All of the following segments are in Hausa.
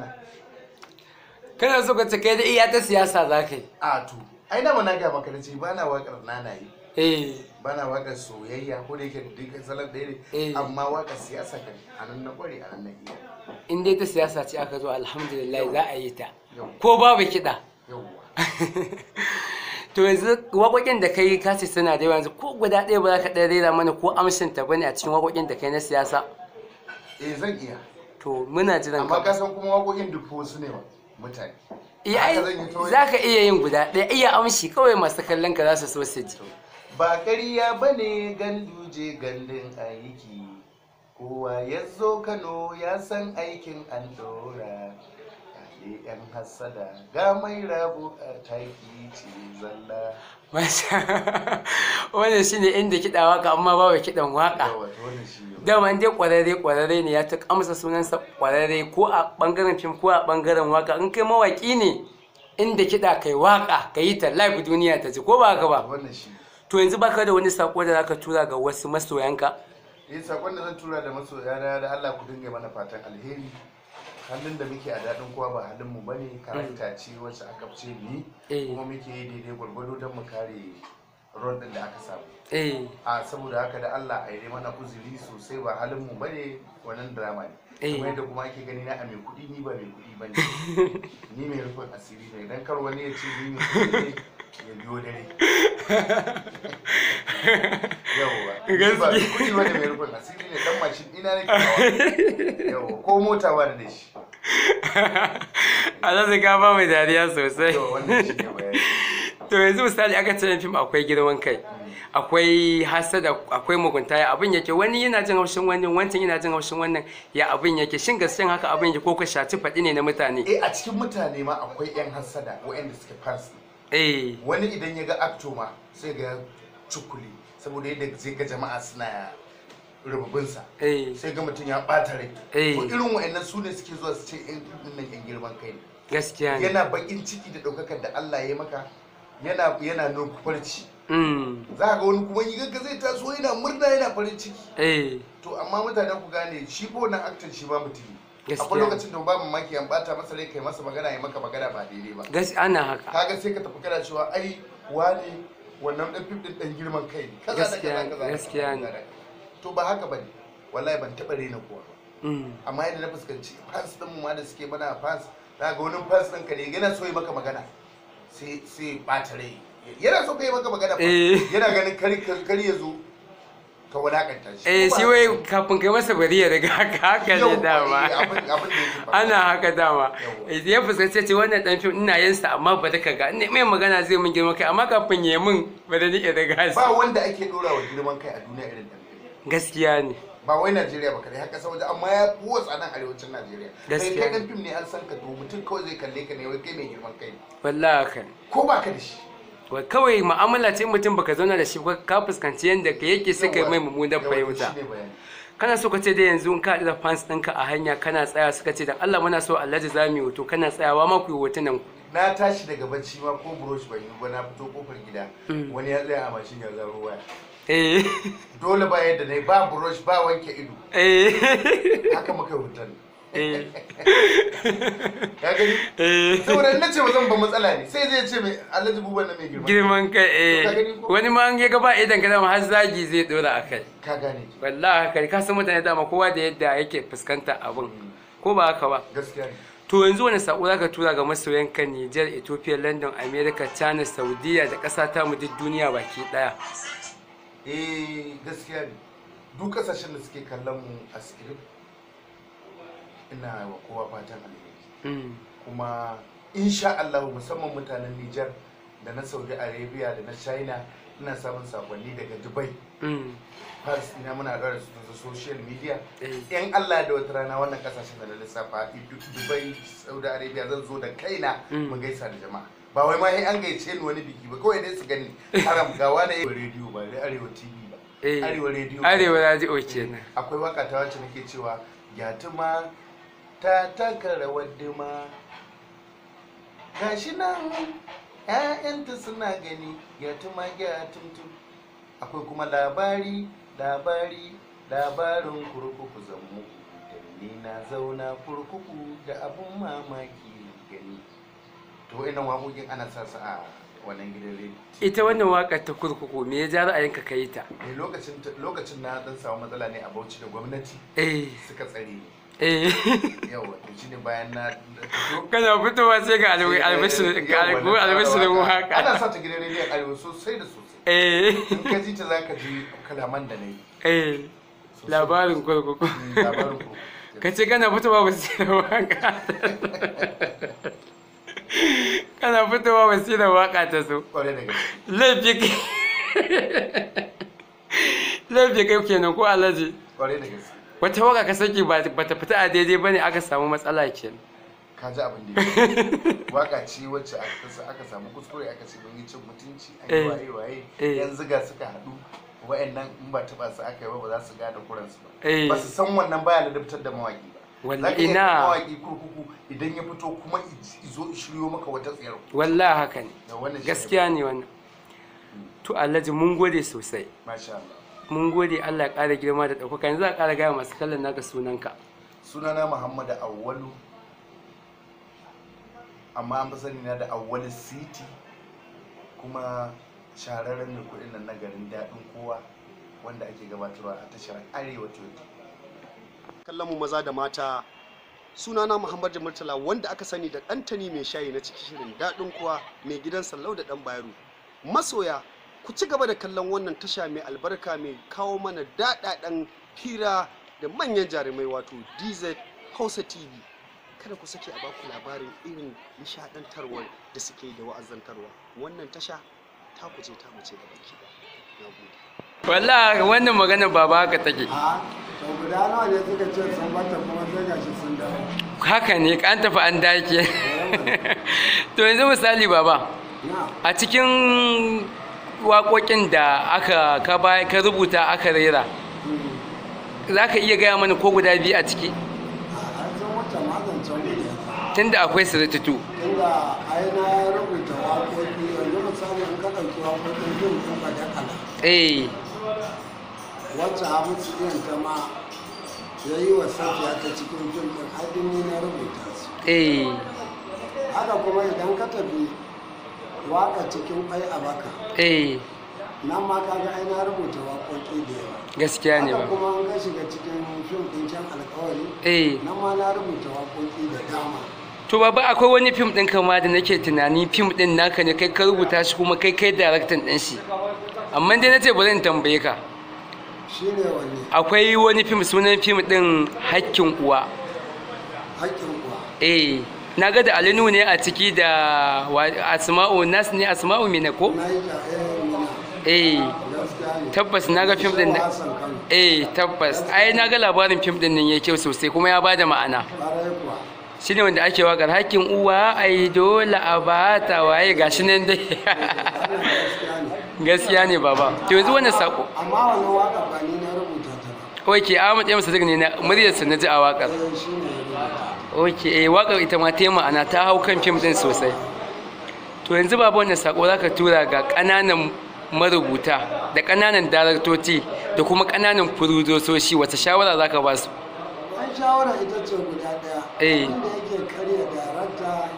kana kana so ka kai da iya ta siyasa za ka yi a to ai da na ga maka ce ba na wakar nanaye eh ba na wakar soyayya ko da yake duk salar da ne eh. amma wakar siyasa kan anan na kware anan na iya in dai ta siyasa ce aka zo alhamdulillah za a yi ta ko babu kiɗa to yanzu waƙoƙin da kai ka ce suna da yanzu ko guda ɗaya ba za ka ɗaya rera mana ko amshin ta bane a cikin waƙoƙin da kai na siyasa eh zan iya to muna jiran amma ka san kuma dufo su ne mutane eh, za ka iya yin guda ɗaya iya amshi kawai masu kallon ka za su so su ji ba karya ba ne ganduje gandun aiki kowa ya zo kano ya san aikin an ke yan hassada ga mai rabu a taki ce zalla wannan shi ne inda kiɗa waka amma ba wa kiɗan waka dama dai ƙwararre ƙwararre ne ya ta amsa sunansa ƙwararre ko a ɓangaren fim ko a ɓangaren waka in kai mawaƙi ne inda kiɗa kai waka ka yi ta laifin duniya ta ji ko ba ka ba to yanzu baka da wani sako da zaka tura ga wasu masoyanka eh sakon da zan tura da masoyana da Allah ku dinga mana fatan alheri halin da muke a daɗin kowa ba halin mu bane karanta mm. ce wacce aka fice ni eh. kuma muke yi daidai gwargwado don mu kare ruwan din da aka samu eh. a saboda haka da Allah a yi mana kuzuri sosai ba halin mu bane wannan drama ne eh. kuma yadda kuma ake gani na a mai kuɗi ni ba mai kuɗi ne. ni mai rufin asiri ne idan kar wani ya ce ni mai kuɗi ne ya biyo dare yawwa ba kuɗi ba ne mai rufin asiri ne dan mashin ina ne yawwa ko mota ba da shi a zai ka ba mai dariya sosai to yanzu misali aka ce fim akwai girman kai hmm. akwai hasada akwai mugunta ya abin yake wani yana jin haushin wani wancan yana jin haushin wannan ya abin yake shin gaskiyan haka abin yake ko ka shaci faɗi ne na mutane eh a cikin mutane ma akwai yan hasada waɗanda suke fans eh wani idan ya ga acto ma sai ga cukuli saboda yadda sai ga jama'a suna rububinsa eh. sai ga mutum ya bata rai eh. to irin wa'annan su ne suke zuwa su ce yan eh, nan yan girman kai ne gaskiya ne yana bakin ciki da daukakar da Allah ya maka yana yana nufarci mm. za ka ga wani kuma yi gaggaza zai taso yana murna yana farin ciki to amma mutane ku gane shi ko nan aktan shi ba mutum akwai lokacin da ba mamaki an bata masa rai kai masa magana ya maka magana ba daidai ba gaskiya ana haka kaga sai ka tafi kana cewa ai wani wannan ɗan fim ɗin dan girman kai ne kaza da kaza kaza gaskiya ne to ba haka bane wallahi ban taɓa rena kowa ba mm. amma yadda na fuskanci fans ɗin mu ma da suke mana fans za ga wani fans ɗin ka ne yana so yi maka magana sai sai bata rai yana so kai maka magana eh. yana ganin kari kari ya zo ka wadakanta shi eh shi wai kafin kai masa bariya daga haka haka ne dama eh, ana haka dama eh, ya fuskanci ce wannan dan fim ina yin sa amma ba daka ga ina mai magana zai mun girman kai amma kafin ya mun ba da nike daga shi ba wanda ake dora wa girman kai a duniya irin dan gaskiya ne ba wai Najeriya ba kare haka saboda amma ya kuwa tsanan arewacin Najeriya kai kai dan fim ne an san ka to mutum kawai zai kalle ka ne wai kai mai girman kai wallahi kan ko ba ka da shi kawai mu'amala ce mutum baka zauna da shi ka fuskanci yadda ka yake sai ka mai mummunan fahimta kana so ka ce dai yanzu in ka da fans ɗinka a hanya kana tsaya suka ce dan Allah muna so Alhaji za mu yi hoto kana tsayawa ma ku yi hotunan ku na tashi daga bacci ma ko brush ban yi ba na fito kofar gida hmm. wani ya tsaya a mashin ya zaro waya eh. dole ba yadda ne ba brush ba wanke ido eh. haka muka hoton Eh. Eh. saboda na ce zan ba matsala ne sai zai ce mai alhaji buban na mai girman girman kai eh wani ma an ga ba idan ka dama har zagi zai dora a kai ka gane wallahi kai ka san mutane dama kowa da yadda yake fuskantar abin hmm. ko ba haka ba gaskiya to yanzu wani sako zaka tura ga masoyanka Niger, Ethiopia, London, America, China, Saudiya da ƙasa ta mu duk duniya baki daya eh gaskiya ne duk kasashen da suke kallon mu a script ina wa kowa fatan alheri mm. kuma insha Allah musamman mutanen Nijar da na Saudi Arabia da na China ina samun sakonni daga Dubai mm. Paris ina muna ɗora su ta social media yan eh. Allah da wata rana wannan kasashen da na lissafa Dubai Saudi Arabia zan zo da kaina mm. mu gaisa da jama'a ba wai ma an gaice ni wani biki ba kawai dai su gani haram ga wani radio ba da arewa tv ba eh. arewa radio arewa radio kenan eh. akwai waka ta wacce nake cewa ya tuma ta taka rawar dima gashi nan ‘ya'yanta suna gani ya tuma ya tuntun akwai kuma labari labari labarin kurkuku zammu da ni na zauna kurkuku da abun mamaki gani to ina waƙoƙin ana sa su a wannan gidan rediyo ita wannan waƙar ta kurkuku me ya ja a yanka kai ta lokacin na dan samu matsala ne a bauchi da gwamnati eh. suka tsare ni eh yawa to bayan na kana sai ga eh, mu haka ana sa ta gidan sosai da sosai eh in ka ji ta zaka ji eh. eh, labarin kurkuku labarin kurkuku kana fitowa ba sai waka kana fitowa ba sai da waka ta so laifi laifi ko alaji wata waka ka saki ba ta fita a daidai bane aka samu matsala kenan ka ji abin da ya waka ce wacce aka samu kuskure aka ce mun yi cin mutunci a yi eh, waye waye eh. yan ziga suka haɗu wa'annan in ba taɓa su aka yi ba ba za su kuran kuransu ba eh. ba su san wannan baya dabtar da mawaki ba wallahi ina mawaki kurkuku idan ya fito kuma izo shiryo maka wata tsayar wallahi haka ne gaskiya ne wannan mm. to alhaji mun gode sosai masha Allah mun gode Allah ya ƙara girma da ɗaukaka yanzu a ƙara gaya masu kallon naka sunanka sunana Muhammadu Awwalu amma an fi sani na da Awwalu City kuma shararren ne kuɗin nan na garin daɗin kowa wanda ake gabatarwa a tashar Arewa 20 kallon mu maza da mata sunana Muhammadu Murtala wanda aka sani da Ɗantani mai shayi na cikin shirin daɗin kowa mai gidan Sallau da ɗan Bayero masoya ku ci gaba da kallon wannan tasha mai albarka mai kawo mana daɗaɗen hira da manyan jarumai wato dz hausa tv kada ku sake a baku labarin irin nishaɗantarwar da suke da wa'azantarwa wannan tasha ta ku ta mace da baki da. na gode wannan magana ba haka take haka ne an tafi an dake to yanzu misali baba a cikin waƙoƙin da aka ka baya ka rubuta aka rera za ka iya gaya mana ko guda biyu a ciki tun da akwai sirtutu eh wacce a mutu ɗin ta ma ya yi wa safiya ta cikin fim haɗin ne na rubuta su eh. haka kuma idan ka tafi waka cikin kwai a baka eh nan ma kaga ai na rubuta waƙoƙi da yawa gaskiya ne ba kuma an ga shiga cikin fim din can alƙawari eh nan ma na rubuta waƙoƙi da dama to baba akwai wani fim din kama da nake tunani fim din naka ne kai ka rubuta shi kuma kai kai daraktan din shi amma dai ce ba zan tambaye ka ne wani akwai wani fim sunan fim din hakkin uwa hakkin uwa eh na ga da alinu ne a ciki da asma'u nas ne asma'u mina ko eh tabbas na ga fim din nan eh tabbas ai na ga labarin fim din nan ya kyau sosai kuma ya bada ma'ana shine wanda ake wakar hakkin uwa ai dole a bata waye gashi nan dai gaskiya ne baba to yanzu wannan sako amma wannan waka ba ni na rubuta ta ba okay Ahmad Yamsa ne na muryar sa na ji a wakar eh, ok eh waƙar ita ma ta ma'ana ta hau kan fim ɗin sosai to yanzu babu wannan sako za ka tura ga ƙananan marubuta da ƙananan daraktoci da kuma ƙananan furudososhi wata shawara za ka ba su an shawara ita ce guda ɗaya inda eh. yake karya darakta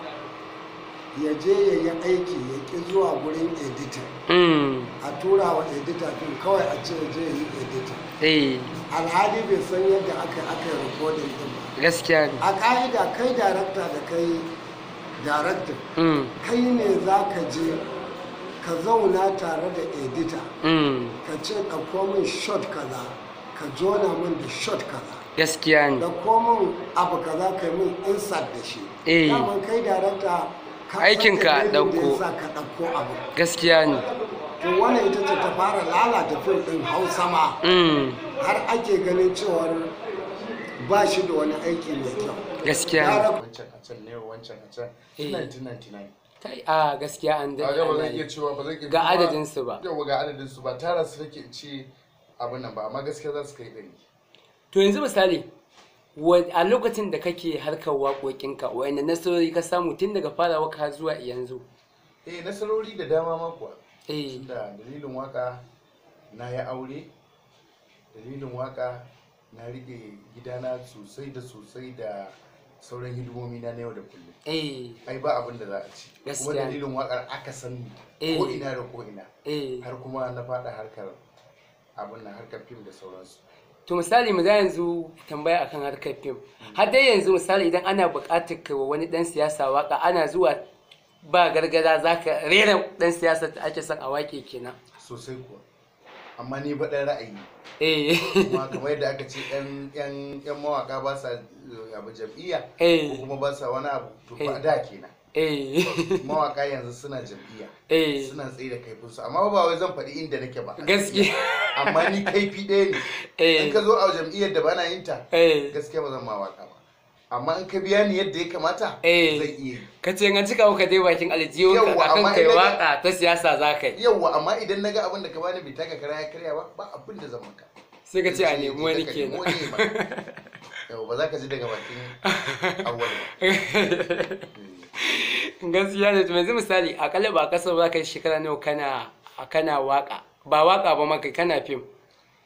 ya je ya yi aiki ya ƙi zuwa wurin edita hmm. a tura wa edita fin kawai a ce je ya yi edita eh. alhali bai san yadda aka aka yi recording din ba gaskiya a ka'ida kai darakta da kai darakta hmm. kai ne za ka je ka zauna tare da edita hmm. ka ce ka min shot kaza ka jona min da shot kaza gaskiya ne da komin abu kaza ka min insert da shi eh kai darakta aikin ka ɗauko gaskiya ne to wannan ita ce ta fara lalata fim ɗin hausa ma mm. har ake ganin cewar ba shi da wani aiki mai kyau gaskiya ne wancan a can ne wancan a 1999 eh. a gaskiya an ga adadin su ba yawa ga adadin su ba tara su rike ci abin nan ba amma gaskiya za su kai dani to yanzu misali a lokacin da kake harkar waƙoƙinka wa'ina nasarori ka samu tun daga farawa ka zuwa yanzu eh nasarori da dama makuwa. eh da dalilin waka na ya aure dalilin waka na rike gidana sosai da sosai da sauran hidimomi na yau da kullum eh ai ba abin da za a ci kuma dalilin wakar aka sani eh. ko ina da ko ina eh. har kuma na faɗa harkar abin na harkar fim da sauransu to misali mu za yanzu tambaya akan harkar fim har dai yanzu misali idan ana buƙatar kai wa wani dan siyasa waka ana zuwa ba gargada za ka rera dan siyasa da ake son a wake kenan sosai kuwa amma ni ba dan ra'ayi eh kuma kamar yadda aka ce yan yan yan mawaka ba sa eh, abu jam'iyya eh. ko kuma ba sa wani abu to ba eh. da kenan Eh. mawaka yanzu suna jam'iyya eh. suna tsaye da kaifin su amma ba wai zan faɗi inda nake ba Gaske. amma ni kaifi ɗaya ne eh. in ka zo a jam'iyyar da bana yinta. gaske ba zan mawaka ba amma in ka biya ni yadda ya kamata zan iya ka ce an cika ka dai bakin aljiyo ka akan kai waka ta siyasa za ka yi yawwa amma idan na ga abin da ka bani bai taka kara ya karya ba ba abin da zan maka sai ka ce a nemi wani kenan yau ba za ka ji daga bakin awwal gaskiya ne yanzu misali akalla ba kasar ba ka shekara nawa kana kana waka ba waka ba maka kana fim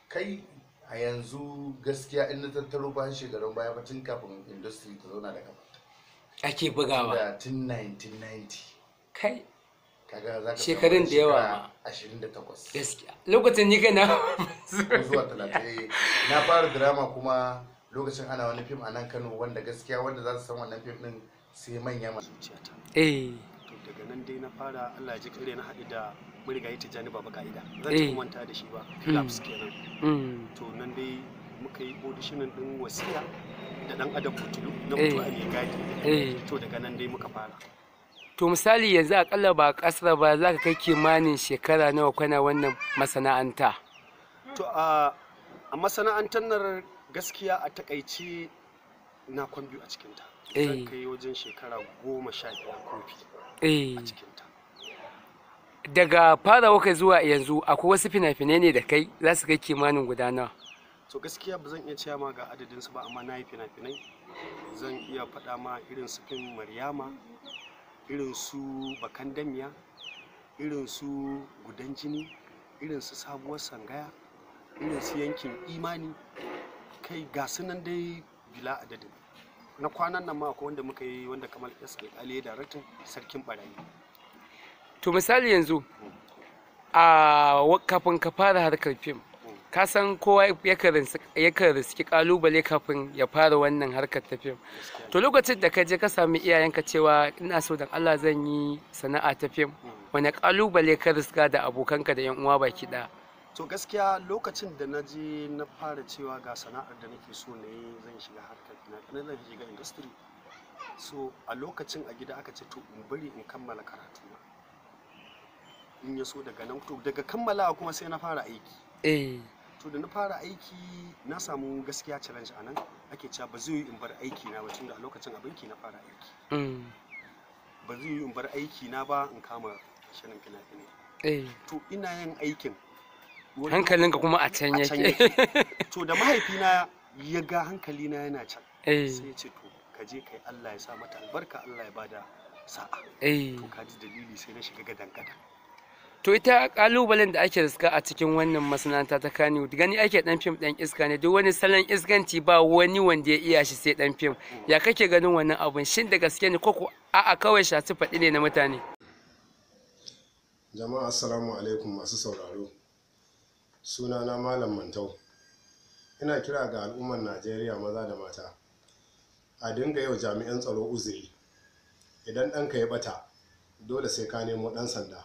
kai a yanzu gaskiya in na tattaro bayan shekarun baya ba tun kafin industry ta zauna da kafa ake bugawa tun 1990 kai shekarun da yawa 28 gaskiya lokacin ni kana zuwa 30 na fara drama kuma lokacin ana wani fim a nan kano wanda gaskiya wanda za su san wannan fim din sai manya ma zuciyata eh to daga nan dai na fara Allah ya ji kare na haɗu da ta jani baba ka'ida zan ci eh. manta da shi ba laps mm. kenan mm. to nan dai muka yi audition din wasiya da dan adam kutulu na eh. mutuwa ne gadi eh. to daga nan dai muka fara to misali yanzu akalla ba kasar ba za ka kai kimanin shekara nawa kana wannan masana'anta to a ah, a masana'antar nan gaskiya a takaici na kwambi a cikinta eh. zan kai wajen shekara goma sha biyar kofi eh. a cikinta daga farawa kai zuwa yanzu akwai wasu fina-finai ne da kai za su kai kimanin gudana To gaskiya ba zan iya cewa ma ga adadin su ba amma na yi fina-finai zan iya faɗa ma irin su fin maryama irin su bakan damiya irin su gudan jini irin su sabuwar sangaya irin su yankin imani kai ga sunan dai bila adadin na kwanan nan ma akwai wanda muka yi wanda kamar sk ali daraktan sarkin barayi to misali yanzu a kafin ka fara harkar fim ka san kowa yakan riski kalubale kafin ya fara wannan harkar ta fim to lokacin da ka je ka sami iyayenka cewa ina so dan Allah zan yi sana'a ta fim mm. wani kalubale ka riska da abokanka da yan uwa baki ɗaya to gaskiya lokacin da na je na fara cewa ga sana'ar da nake so na yi zan shiga harkar fina-finan zan shiga industry so a lokacin a gida aka ce to in bari in kammala karatu na in ya so daga nan to daga kammala kuma sai na fara aiki eh to da na fara aiki na samu gaskiya challenge anan ake cewa ba zai yi in bar aiki na ba tunda a lokacin abin banki na fara aiki hmm. ba zai yi in bar aiki na ba in kama shirin fina-finai eh. to ina yin aikin hankalinka kuma a can yake to da mahaifina ya ga hankalina yana can eh. sai ya ce to ka je kai Allah ya sa mata albarka Allah ya bada sa'a eh. to ka ji dalili sai na shiga gadan gadan to ita kalubalen da ake riska a cikin wannan masana'anta ta kano gani ake dan fim dan iska ne duk wani salon iskanci ba wani wanda ya iya shi sai dan fim ya kake ganin wannan abun shin da gaske ne koko a'a kawai shatu faɗi ne na mutane jama'a assalamu alaikum masu sauraro Suna na malam mantau ina kira ga al'ummar najeriya maza da mata a dinga yau jami'an tsaro uzuri idan ɗanka ya bata dole sai ka nemo ɗan sanda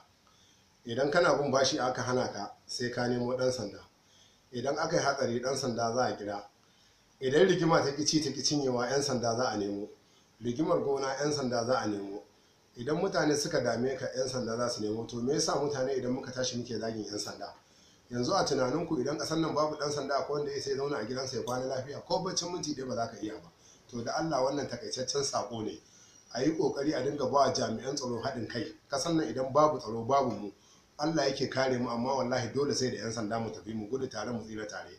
idan kana bin bashi aka hana ka sai ka nemo ɗan sanda idan aka yi hatsari ɗan sanda za a kira idan rigima ta kici ta cinyewa 'yan sanda za a nemo rigimar gona 'yan sanda za a nemo idan mutane suka dame ka 'yan sanda za su nemo to me yasa mutane idan muka tashi muke zagin 'yan sanda yanzu a tunaninku idan kasan nan babu ɗan sanda akwai wanda ya sai zauna a gidansa ya kwana lafiya ko baccin minti dai ba za ka iya ba to da allah wannan takaitaccen sako ne a yi kokari a dinga ba jami'an tsaro haɗin kai kasan nan idan babu tsaro babu mu allah yake kare mu amma wallahi dole sai da 'yan sanda mu tafi mu gudu tare mu tsira tare